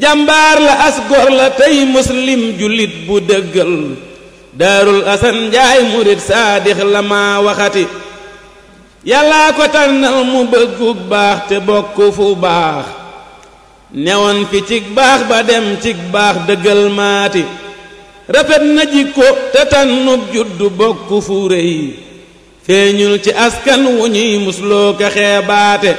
jàmbaar la as góor la tey muslim jullit bu dëggal daarul asan njaay murit saadix la maa waxati yàllaa ko tànnal mu bëggug baax te bokk fu baax newoon fi cig baax ba dem cig baax dëggal maati rafet na jikko te tànnub juddu bokk fu rëy feeñul ci askan wu ñuy musloo ka xeebaate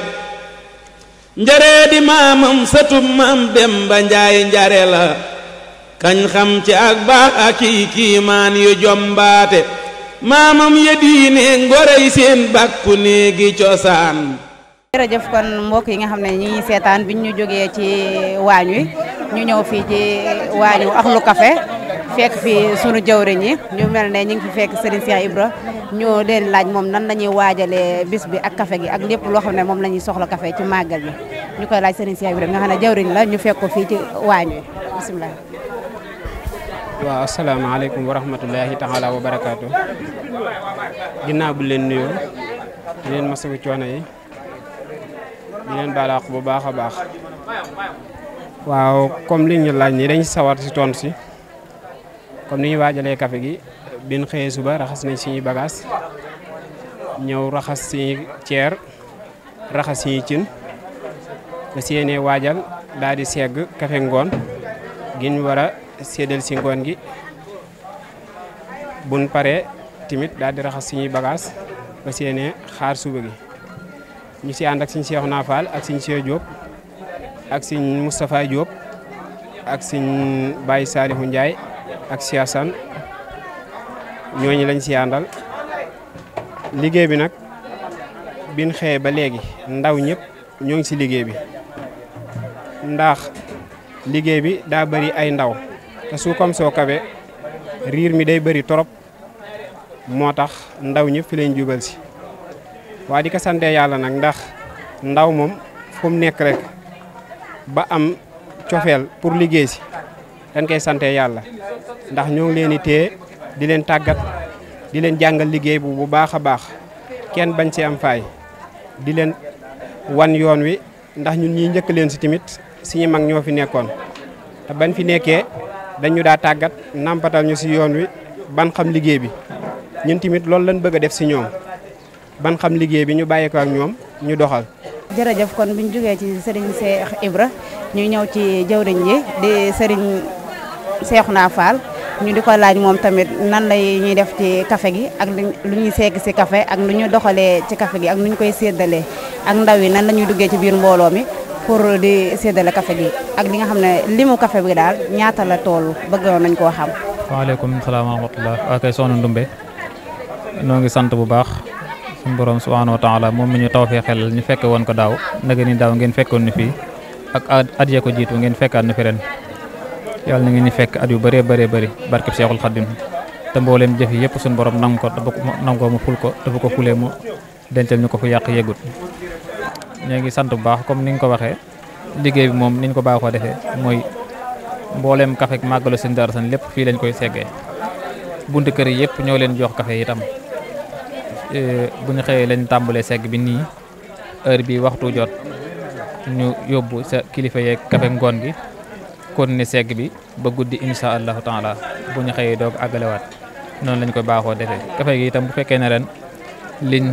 njare di maamam sëtub maam Demba Njaay njare la kañ xam ci ak baax ak i kiimaan yu jombaate maamam ya diine ngorey seen bàkku néegi cosaan jërëjëf kon mbokk yi nga xam ne ñi seetaan biñ ñu jógee ci waañ wi ñu ñëw fii ci waañu Ahlou Café fekk fi sunu jawriñ yi ñu mel ne ñu ngi fi fekk Serigne Cheikh Ibra ñu leen laaj moom nan la ñuy waajalee bis bi ak kafe gi ak lépp loo xam ne moom lañuy ñuy soxla café ci màggal bi ñu koy laaj Serigne Cheikh Ibra na xam ne jawriñ la ñu fekk ko fii ci waañ wi bisimilah. waaw asalaamaaleykum wa rahmatulahi taala wa barakaatu. ginnaaw bu leen nuyoo di leen masawu coono yi di leen baalaax bu baax a baax. waaw comme li ñu laaj nii dañ sawar si toon si. comme ni ñu waajalee café gi bin xëyee suba raxas nañ suñuy bagage ñëw raxas suñuy ceer raxas suñuy cin ba séenee waajal daal di segg café ngoon gi ñu war a séddal si ngoon gi buñ paree tamit daal di raxas suñuy bagage ba séenee xaar suba gi ñu si ànd ak suñ Seexu Naafaal ak suñ Seex Jóob ak suñ Moustapha Jóob ak suñ Baye Saalihu Ndiaye ak siyaasaan ñooñu lañ si àndal liggéey bi nag bin xëyee ba léegi ndaw ñëpp ñoo ngi si liggéey bi ndax liggéey bi daa bari ay ndaw te soo kawe riir mi day bëri torop moo tax ndaw ñëpp fi lañ jubal si waa di ko santee yàlla nag ndax ndaw moom fu nekk rek ba am cofeel pour liggéey si dañ koy sante yàlla ndax ñoo ngi leen di téye di leen tàggat di leen jàngal liggéey bu bu baax a baax kenn bañ ci am fay di leen wan yoon wi ndax ñun ñi njëkk leen si tamit suñu mag ñoo fi nekkoon te bañ fi nekkee dañu daa tàggat nampatal ñu si yoon wi ban xam liggéey bi ñun tamit loolu lañ bëgg a def si ñoom ban xam liggéey bi ñu bàyyi ko ak ñoom ñu doxal. jërëjëf kon bi ñu jógee ci Serigne Cheikh Ibra ñu ñëw ci jawriñ ji di Serigne. naa Fall ñu di ko laaj moom tamit nan lay ñuy def ci kafe gi ak lu ñuy segg si kafe ak lu ñu doxalee ci kafe gi ak nu ñu koy seddalee ak ndaw yi nan la ñuy duggee ci biir mbooloo mi pour di séddale kafe gi ak li nga xam ne limu kafe bi daal ñaata la tool bëgg nañ koo xam. waaleykum salaam wa rahmatulah waa kay soxna ngi sant bu baax suñu borom subhaanahu wa taala moom mi ñu tawfeexal ñu fekk woon ko daaw nag ni daaw ngeen fekkoon ni fii ak at ko jiitu ngeen fekkaat ni fi ren. yàlla na ngeen ñu fekk at yu bëree bëree bëri barkeb Seexul Xaddim te mbooleem jëf yi yëpp suñ borom nangu ko dafa nangu ko mu ful ko dafa ko fulee mu dencal ñu ko fu yàq yeggut ñoo sant bu baax comme ni nga ko waxee liggéey bi moom ni ñu ko baaxoo defee mooy mbooleem kafe ak màggalu Sëñ Daaru lépp fii lañ koy seggee buntu kër yëpp ñoo leen jox kafe yi tam eh, bu ñu xëyee lañ tàmbalee segg bi nii heure bi waxtu jot ñu yóbbu sa kilifa yeeg kafe ngoon gi continuer segg bi ba guddi insha allahu taala bu ñu xëyee doog àggalewaat noonu lañ ko baaxoo defee kafe gi tam bu fekkee ne ren liñ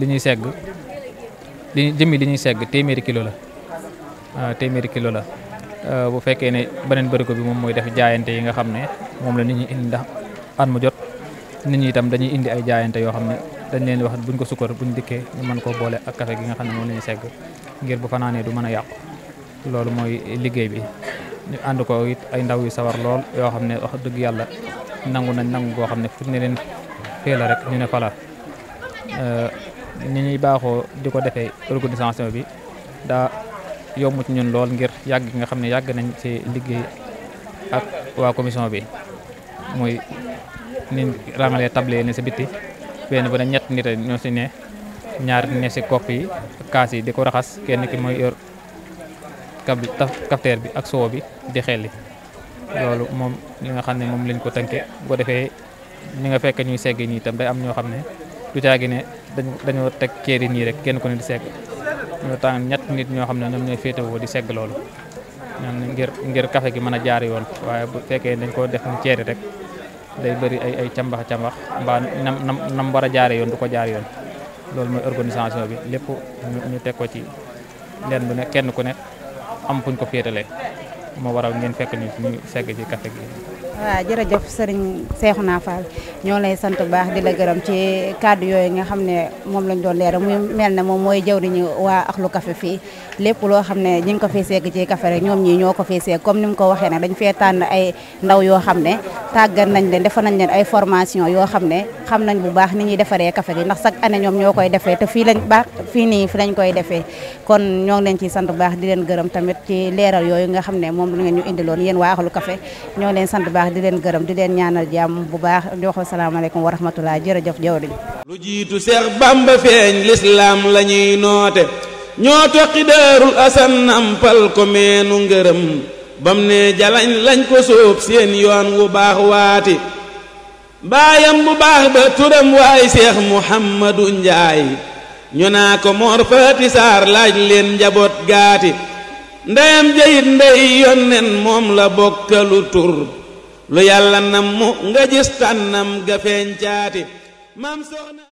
li ñuy segg li jëmmi li ñuy segg téeméeri kilo la waaw ah, téeméeri kilo la ah, bu fekkee ne beneen bërigo bi moom mooy def jaayante yi nga xam ne moom la nit ñi indi ndax at mu jot nit ñi itam dañuy indi ay jaayante yoo xam ne dañ leen wax buñ ko sukkar buñ dikkee ñu mën koo boole ak kafe gi nga xam ne moom la ñuy segg ngir fanaanee du mën a yàqu ñu ànd ko it ay ndaw sawar lool yoo xam ne wax dëgg yàlla nangu nañ nangu goo xam ne fu ne leen fee la rek ñu ne fala eh, ni ñuy baaxoo di ko defee organisation bi daa yomb ci ñun lool ngir yàgg gi nga xam ne yàgg nañ ci liggéey ak waa commission bi mooy ni rangalee table ni si bitti benn bu ne ñett nit ñoo si ne ñaar ne si kopp yi kaas yi di ko raxas kenn ki mooy kab kafteer bi ak soow bi di xelli loolu moom li nga xam ne moom lañ ko tënke bu ko defee ni nga fekk ñuy segg nii itam day am ñoo xam ne du gi ne dañoo teg ceeri nii rek kenn ku ne di segg ñoo ñett nit ñoo xam ne ñoom ñooy féetewoo di segg loolu ñoom ngir ngir kafe gi mën a jaar yoon waaye bu fekkee dañ koo def ñu ceeri day bëri ay ay cambax cambax mbaa nam nam nam war a jaare yoon du ko jaar yoon loolu mooy organisation bi lépp ñu teg ko ci leen ne kenn ku ne am fuñ ko féetalee moo waral ngeen fekk ñu ñu segg ci café gi waaw jërëjëf sëriñ Seexuna Fall ñoo lay sant baax di la gërëm ci kàddu yooyu nga xam ne moom lañ doon leeral muy mel ne moom mooy jawriñu waa Akhlu Café fii lépp loo xam ne ñi ngi ko fee seeg ci café rek ñoom ñii ñoo ko fee seeg comme ni mu ko waxee ne dañ fee tànn ay yoo xam ne tàggat nañ leen defal nañ leen ay formation yoo xam ne xam nañ bu baax ni ñuy defaree café gi ndax chaque année ñoom ñoo koy defee te fii lañ baax fii nii fi koy defee kon ñoo ngi ciy sant baax di leen gërëm tamit ci leeral yooyu nga xam ne moom la ngeen ñu indiloon yéen waa Akhlu Café ñoo leen sant baax baax leen gërëm di leen ñaanal jàmm bu baax di wax asalaamaaleykum wa jërëjëf jawriñ lu jiitu Seex Bamba feeñ lislaam la noote ñoo toqi daarul asan nampal ko meenu ngërëm bam ne jalañ lañ ko sóob seen yoon wu baax waati baayam bu baax ba turam waay Seex Muhammadu Njaay ñu naa ko moor laaj leen njaboot gaati ndeyam jayit ndey yonnen moom la bokkalu tur lu yàlla nam nga gis tànnam ga feeñ